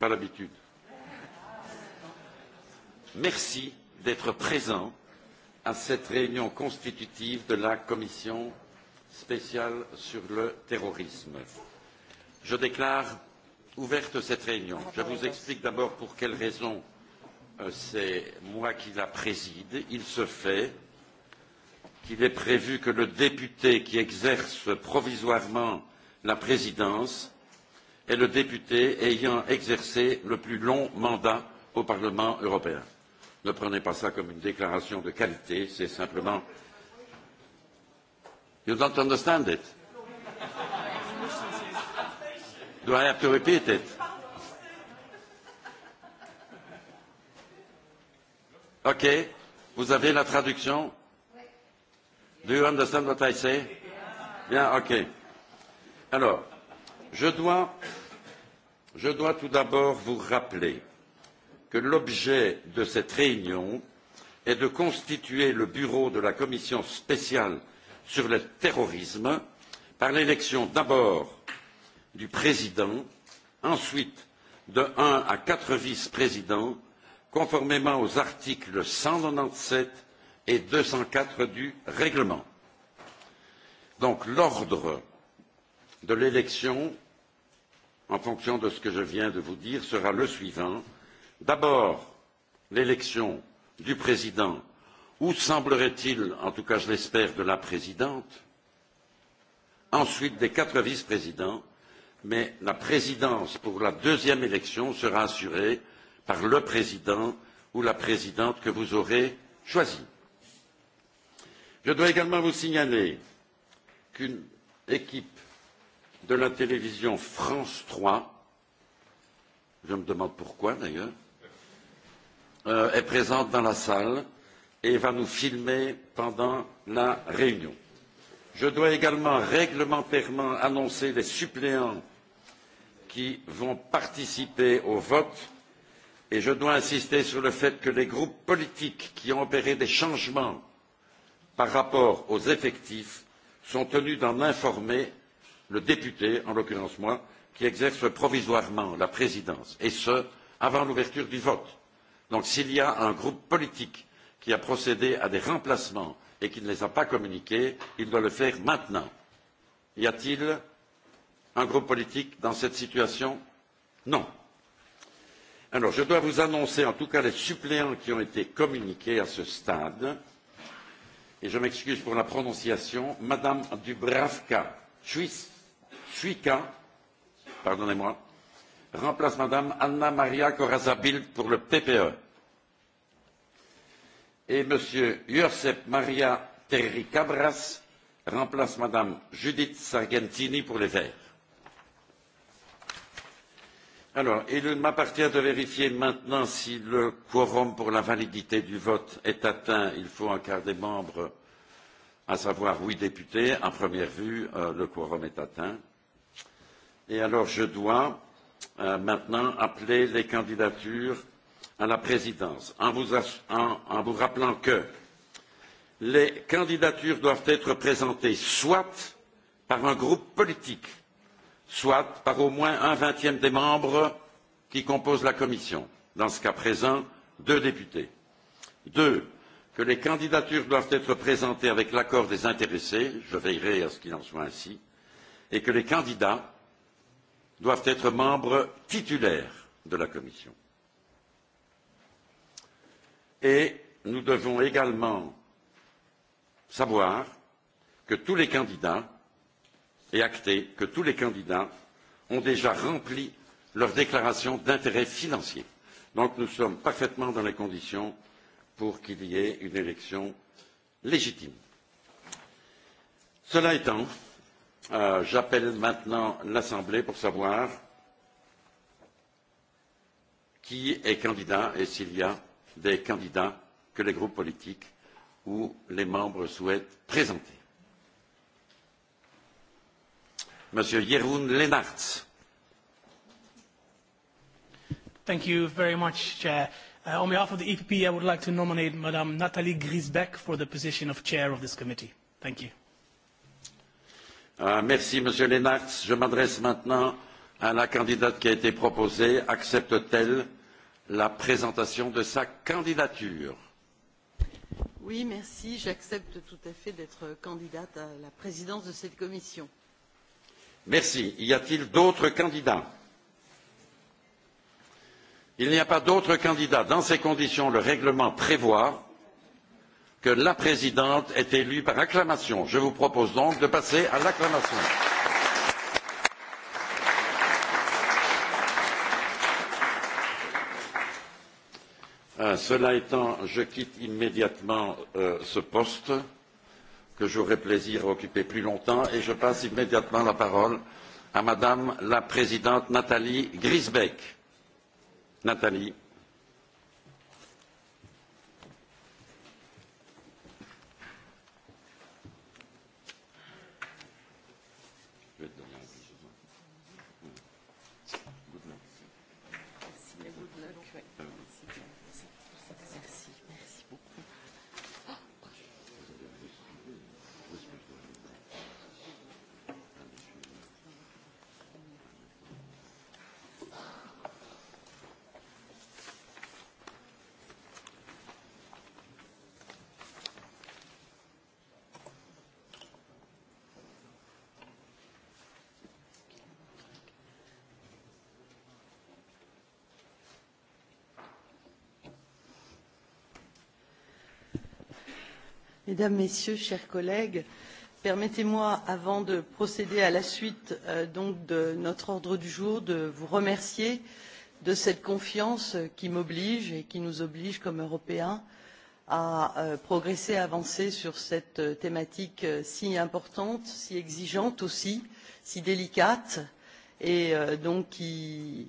Pas l'habitude. Merci d'être présent à cette réunion constitutive de la Commission spéciale sur le terrorisme. Je déclare ouverte cette réunion. Je vous explique d'abord pour quelles raisons euh, c'est moi qui la préside. Il se fait qu'il est prévu que le député qui exerce provisoirement la présidence est le député ayant exercé le plus long mandat au Parlement européen. Ne prenez pas ça comme une déclaration de qualité, c'est simplement. You don't understand it? Do I have to repeat it? OK. Vous avez la traduction? Do you understand what I say? Bien, OK. Alors, je dois je dois tout d'abord vous rappeler que l'objet de cette réunion est de constituer le bureau de la commission spéciale sur le terrorisme par l'élection d'abord du président ensuite de un à quatre vice présidents conformément aux articles cent quatre vingt dix sept et deux cent quatre du règlement. donc l'ordre de l'élection en fonction de ce que je viens de vous dire sera le suivant d'abord l'élection du président ou semblerait il en tout cas je l'espère de la présidente ensuite des quatre vice présidents mais la présidence pour la deuxième élection sera assurée par le président ou la présidente que vous aurez choisi. je dois également vous signaler qu'une équipe de la télévision France 3, je me demande pourquoi d'ailleurs, euh, est présente dans la salle et va nous filmer pendant la réunion. Je dois également réglementairement annoncer les suppléants qui vont participer au vote et je dois insister sur le fait que les groupes politiques qui ont opéré des changements par rapport aux effectifs sont tenus d'en informer le député, en l'occurrence moi, qui exerce provisoirement la présidence, et ce, avant l'ouverture du vote. Donc s'il y a un groupe politique qui a procédé à des remplacements et qui ne les a pas communiqués, il doit le faire maintenant. Y a-t-il un groupe politique dans cette situation Non. Alors, je dois vous annoncer en tout cas les suppléants qui ont été communiqués à ce stade. Et je m'excuse pour la prononciation. Madame Dubravka, Suisse. Tchouika, pardonnez-moi, remplace Madame Anna Maria Corazza Bildt pour le PPE et M. Josep Maria Terry Cabras remplace Mme Judith Sargentini pour les Verts. Alors, il m'appartient de vérifier maintenant si le quorum pour la validité du vote est atteint. Il faut un quart des membres, à savoir huit députés. À première vue, euh, le quorum est atteint. Et alors, je dois euh, maintenant appeler les candidatures à la présidence en vous, en, en vous rappelant que les candidatures doivent être présentées soit par un groupe politique, soit par au moins un vingtième des membres qui composent la Commission. Dans ce cas présent, deux députés. Deux, que les candidatures doivent être présentées avec l'accord des intéressés, je veillerai à ce qu'il en soit ainsi, et que les candidats doivent être membres titulaires de la Commission. Et nous devons également savoir que tous les candidats et acter que tous les candidats ont déjà rempli leur déclaration d'intérêt financier. Donc nous sommes parfaitement dans les conditions pour qu'il y ait une élection légitime. Cela étant, Euh, J'appelle maintenant l'Assemblée pour savoir qui est candidat et s'il y a des candidats que les groupes politiques ou les membres souhaitent présenter. Monsieur Jeroen Lennarts. Thank you very much, Chair. Uh, on behalf of the EPP, I would like to nominate Madame Nathalie Griesbeck for the position of Chair of this committee. Thank you. Euh, merci, Monsieur Lenartz. Je m'adresse maintenant à la candidate qui a été proposée. Accepte-t-elle la présentation de sa candidature Oui, merci. J'accepte tout à fait d'être candidate à la présidence de cette commission. Merci. Y a-t-il d'autres candidats Il n'y a pas d'autres candidats. Dans ces conditions, le règlement prévoit que la présidente est élue par acclamation. Je vous propose donc de passer à l'acclamation. Euh, cela étant, je quitte immédiatement euh, ce poste que j'aurai plaisir à occuper plus longtemps et je passe immédiatement la parole à Madame la Présidente Nathalie Grisbeck. Nathalie. mesdames messieurs chers collègues permettez moi avant de procéder à la suite euh, donc de notre ordre du jour de vous remercier de cette confiance qui m'oblige et qui nous oblige comme européens à euh, progresser à avancer sur cette thématique euh, si importante si exigeante aussi si délicate et euh, donc qui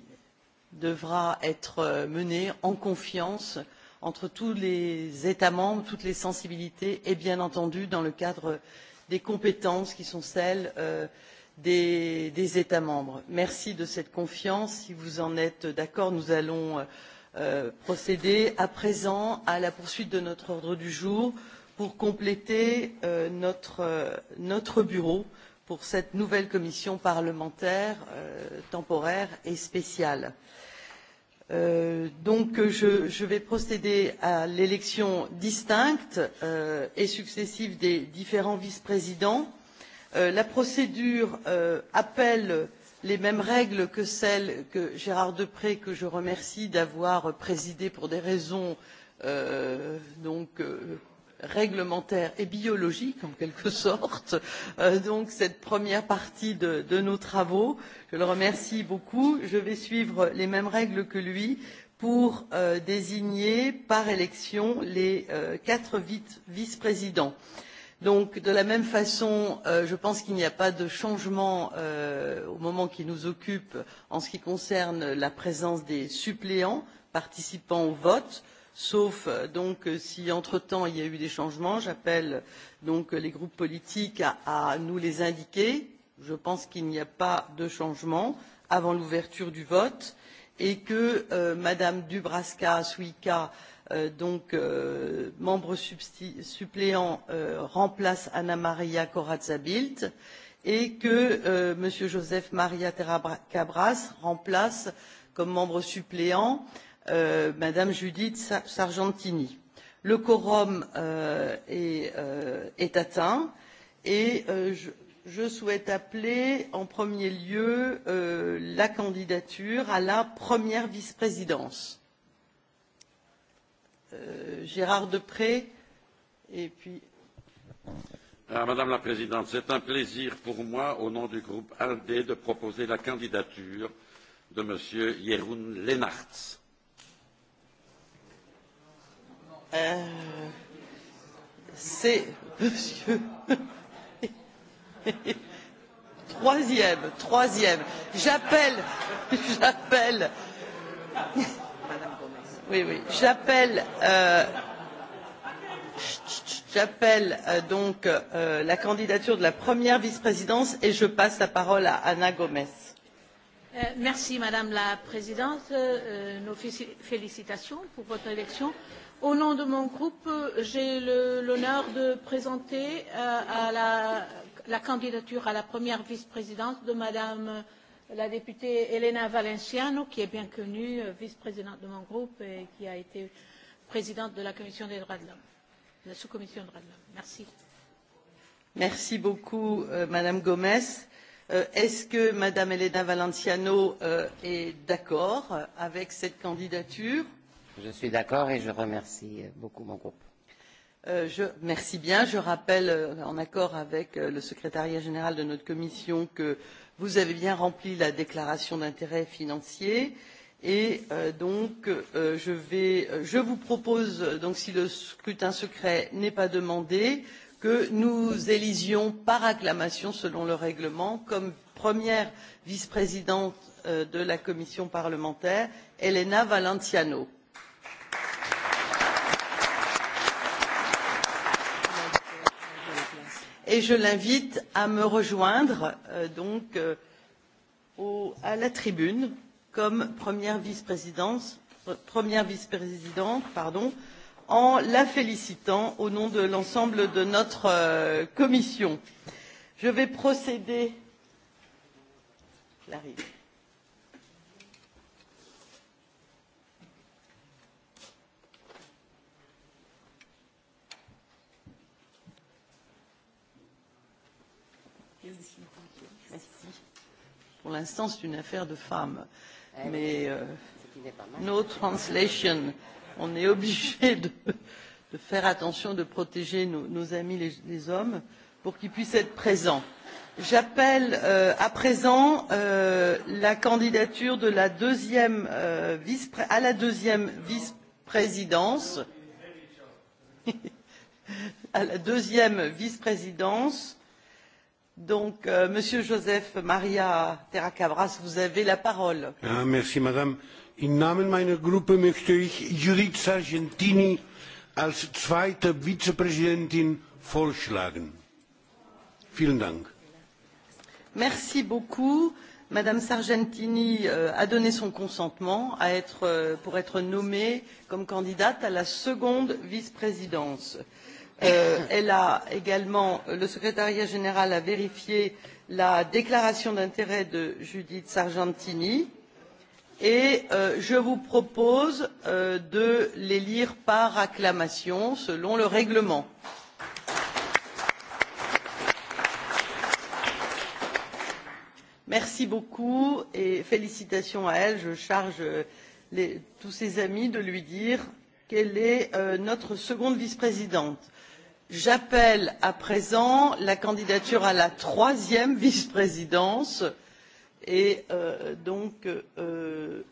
devra être euh, menée en confiance et entre tous les états membres toutes les sensibilités et bien entendu dans le cadre des compétences qui sont celles euh, des, des états membres. merci de cette confiance. si vous en êtes d'accord nous allons euh, euh procéder à présent à la poursuite de notre ordre du jour pour compléter euh, notre, euh, notre bureau pour cette nouvelle commission parlementaire euh, temporaire et spéciale. nous Euh, donc je, je vais procéder à l'élection distincte euh, et successive des différents vice présidents. Euh, la procédure euh, appelle les mêmes règles que celles que Gérard Depré, que je remercie d'avoir présidé pour des raisons euh, donc euh, réglementaire et biologique en quelque sorte euh, donc cette première partie de, de nos travaux. Je le remercie beaucoup. Je vais suivre les mêmes règles que lui pour euh, désigner par élection les euh, quatre vice-présidents. Donc de la même façon, euh, je pense qu'il n'y a pas de changement euh, au moment qui nous occupe en ce qui concerne la présence des suppléants participant au vote. Euh, sauf euh, donc euh, si entre temps il y a eu des changements j'appelle donc euh, les groupes politiques à, à nous les indiquer je pense qu'il n'y a pas de changement avant l'ouverture du vote et que euh, mme dmbrska uica euh, donc euh, membre suppléant remplace anna maria corazza bildt et que m. joseph maria terracabras remplace comme membre suppléant m euh, Madame Judith Sargentini. Le quorum euh, est, euh, est atteint et euh, je, je souhaite appeler en premier lieu euh, la candidature à la première vice-présidence. Euh, Gérard Depré et puis. Euh, Madame la Présidente, c'est un plaisir pour moi, au nom du groupe ALDE, de proposer la candidature de Monsieur Jeroen Lennarts Euh, c'est monsieur. troisième, troisième. J'appelle, j'appelle. Oui, oui. J'appelle. Euh, j'appelle euh, donc euh, la candidature de la première vice présidence et je passe la parole à anna gomes. Euh, merci Madame la Présidente. Euh, nos félicitations pour votre élection. Au nom de mon groupe, j'ai l'honneur de présenter euh, à la, la candidature à la première vice-présidence de Madame euh, la députée Elena Valenciano, qui est bien connue, euh, vice-présidente de mon groupe et qui a été présidente de la Commission des droits de l'homme, la sous-commission des droits de l'homme. Merci. Merci beaucoup euh, Madame Gomez. Euh, est ce que mme elena valenciano euh, est d'accord avec cette candidature? je suis d'accord et je remercie euh, beaucoup mon groupe. Je, merci bien. je rappelle en accord avec le secrétariat général de notre commission que vous avez bien rempli la déclaration d'intérêts financiers et euh, donc euh, je, vais, je vous propose donc si le scrutin secret n'est pas demandé de que nous élisions par acclamation selon le règlement comme première vice présidente euh, de la commission parlementaire elena valenciano. et je l'invite à me rejoindre euh, donc euh, au, à la tribune comme première vice présidente euh, première vice présidente pardon euh, en la félicitant au nom de l'ensemble de notre euh, commission. Je vais procéder j'arrive. Merci. Pour l'instant, c'est une affaire de femmes. Eh Mais euh, no translation. Euh, on est obligé de, de faire attention de protéger nos, nos amis les, les hommes pour qu'ils puissent être présents. J'appelle euh, à présent euh, la candidature de la deuxième, euh, vice à la deuxième vice-présidence à la deuxième vice-présidence. Donc, euh, Monsieur Joseph Maria Terracabras, vous avez la parole. Ah, merci, Madame. Euh, Im Namen meiner Gruppe möchte ich Judith Sargentini als zweite Vizepräsidentin vorschlagen. Vielen Dank. Merci beaucoup. Madame Sargentini euh, a donné son consentement à être, euh, pour être nommée comme candidate à la seconde vice-présidence. Euh, elle a également, le secrétariat général a vérifié la déclaration d'intérêt de Judith Sargentini. Euh, et euh, je vous propose euh, de les lire par acclamation selon le règlement. merci beaucoup et félicitations à elle je charge euh, les, tous ses amis de lui dire qu'elle est euh, notre seconde vice présidente. j'appelle à présent la candidature à la troisième vice présidence m. Et euh, donc, euh,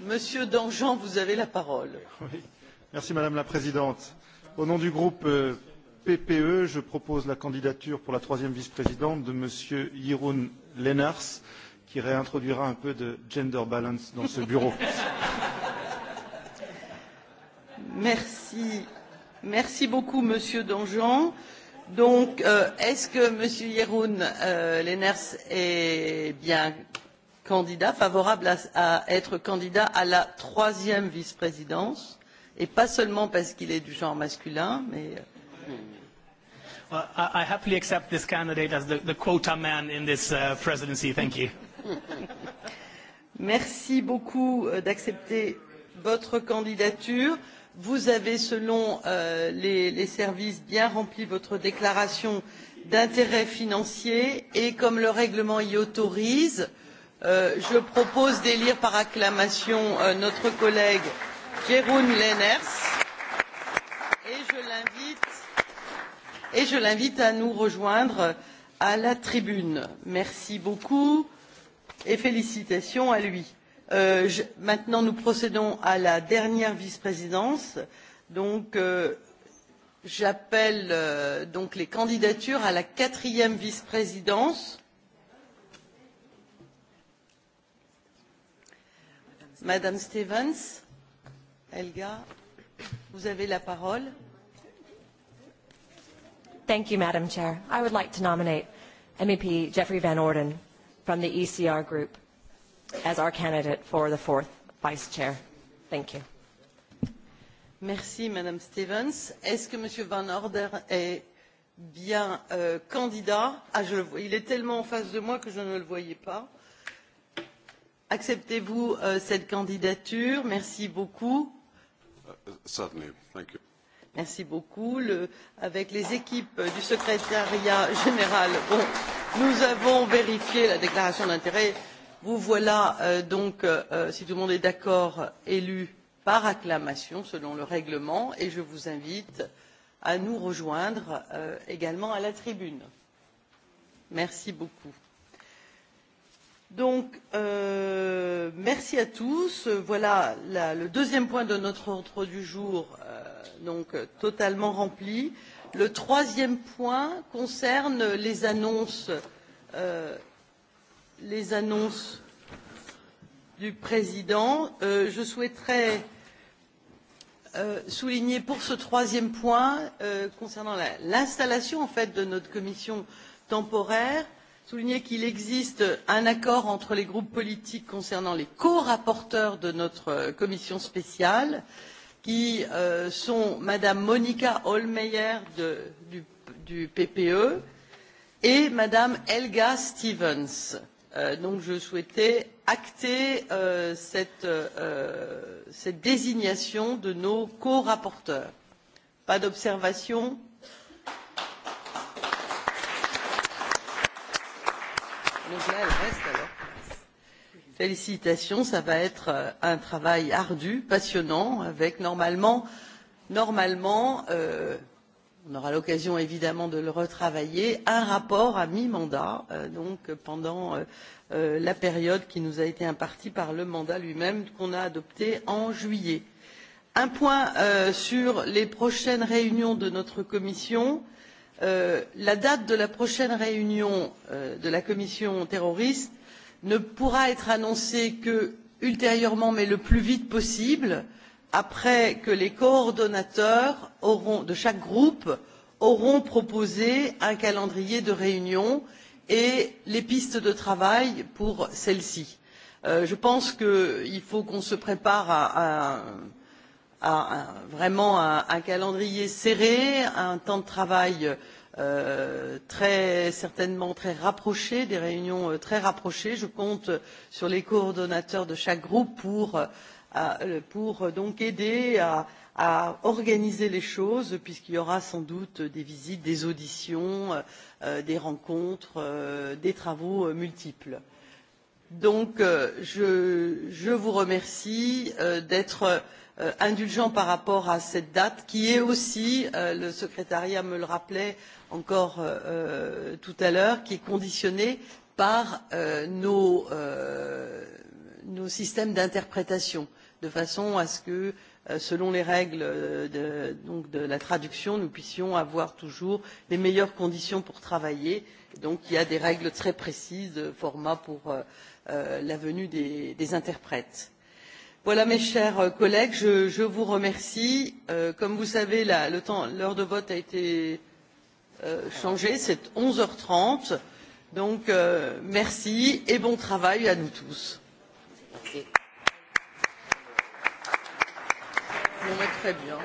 Monsieur Dangean, vous avez la parole. Oui. Merci Madame la Présidente. Au nom du groupe euh, PPE, je propose la candidature pour la troisième vice-présidente de Monsieur Jeroen Lennars, qui réintroduira un peu de gender balance dans ce bureau. Merci. Merci beaucoup, Monsieur Dangean. Donc, euh, est-ce que M. Yeroun euh, Lenners est bien candidat, favorable à, à être candidat à la troisième vice-présidence Et pas seulement parce qu'il est du genre masculin, mais. Euh, well, I, I happily accept this candidate as the, the quota man in this uh, presidency. Thank you. Merci beaucoup euh, d'accepter votre candidature vous avez selon euh, les, les services bien rempli votre déclaration d'intérêts financiers et comme le règlement y autorise euh, je propose d'élire par acclamation euh, notre collègue jeroen lenaers et je l'invite à nous rejoindre à la tribune. merci beaucoup et félicitations à lui. Euh, je, maintenant, nous procédons à la dernière vice-présidence. Donc, euh, j'appelle euh, donc les candidatures à la quatrième vice-présidence. Madame Stevens, Helga, vous avez la parole. Thank you, Madam Chair. I would like to nominate MEP Jeffrey Van Orden from the ECR Group as our candidate for the fourth vice chair. Thank you. Merci, Madame Stevens. Est-ce que Monsieur Van Order est bien euh, candidat ah, je le vois. Il est tellement en face de moi que je ne le voyais pas. Acceptez-vous euh, cette candidature Merci beaucoup. Uh, certainly. Thank you. Merci beaucoup. Le, avec les équipes du secrétariat général, bon, nous avons vérifié la déclaration d'intérêt. Euh, vous voilà euh, donc euh, euh, si tout le monde est d'accord élu par acclamation selon le règlement et je vous invite à nous rejoindre euh, également à la tribune. merci beaucoup. donc euh, merci à tous. voilà la, le deuxième point de notre ordre du jour euh, donc totalement rempli. le troisième point concerne les annonces les annonces du président. Euh, je souhaiterais euh, souligner pour ce troisième point euh, concernant l'installation en fait de notre commission temporaire souligner qu'il existe un accord entre les groupes politiques concernant les corapporteurs de notre euh, commission spéciale qui euh, sont mme monika hohlmeier de, du, du ppe et mme helga stevens. Euh, donc je souhaitais acter euh, cette, euh, cette désignation de nos corapporteurs. pas d'observation? félicitations ça va être euh, un travail ardu passionnant avec normalement normalement euh, on aura l'occasion évidemment de le retravailler, un rapport à mi-mandat, euh, donc pendant euh, euh, la période qui nous a été impartie par le mandat lui-même qu'on a adopté en juillet. Un point euh, sur les prochaines réunions de notre commission. Euh, la date de la prochaine réunion euh, de la commission terroriste ne pourra être annoncée que ultérieurement mais le plus vite possible après que les coordonnateurs auront, de chaque groupe auront proposé un calendrier de réunions et les pistes de travail pour celles ci. Euh, je pense qu'il faut qu'on se prépare à, à, à, à vraiment un, un calendrier serré, un temps de travail euh, très certainement très rapproché, des réunions euh, très rapprochées. Je compte sur les coordonnateurs de chaque groupe pour euh, à, pour euh, donc aider à, à organiser les choses puisqu'il y aura sans doute des visites des auditions euh, euh des rencontres euh, des travaux euh, multiples. donc euh, je, je vous remercie d'être indulgents par rapport à cette date qui est aussi le secrétariat me le rappelait encore tout à l'heure qui est conditionnée par nos, nos systèmes d'interprétation. donc de façon à ce que euh, selon les règles euh, de, donc de la traduction nous puissions avoir toujours les meilleures conditions pour travailler. donc il y a des règles très précises de euh, format pour euh, la venue des, des interprètes. voilà mes chers collègues je, je vous remercie. Euh, comme vous savez l'heure de vote a été euh, changée c'est onze heures trente donc merci et bon travail à nous tous. Merci. Bon, très bien.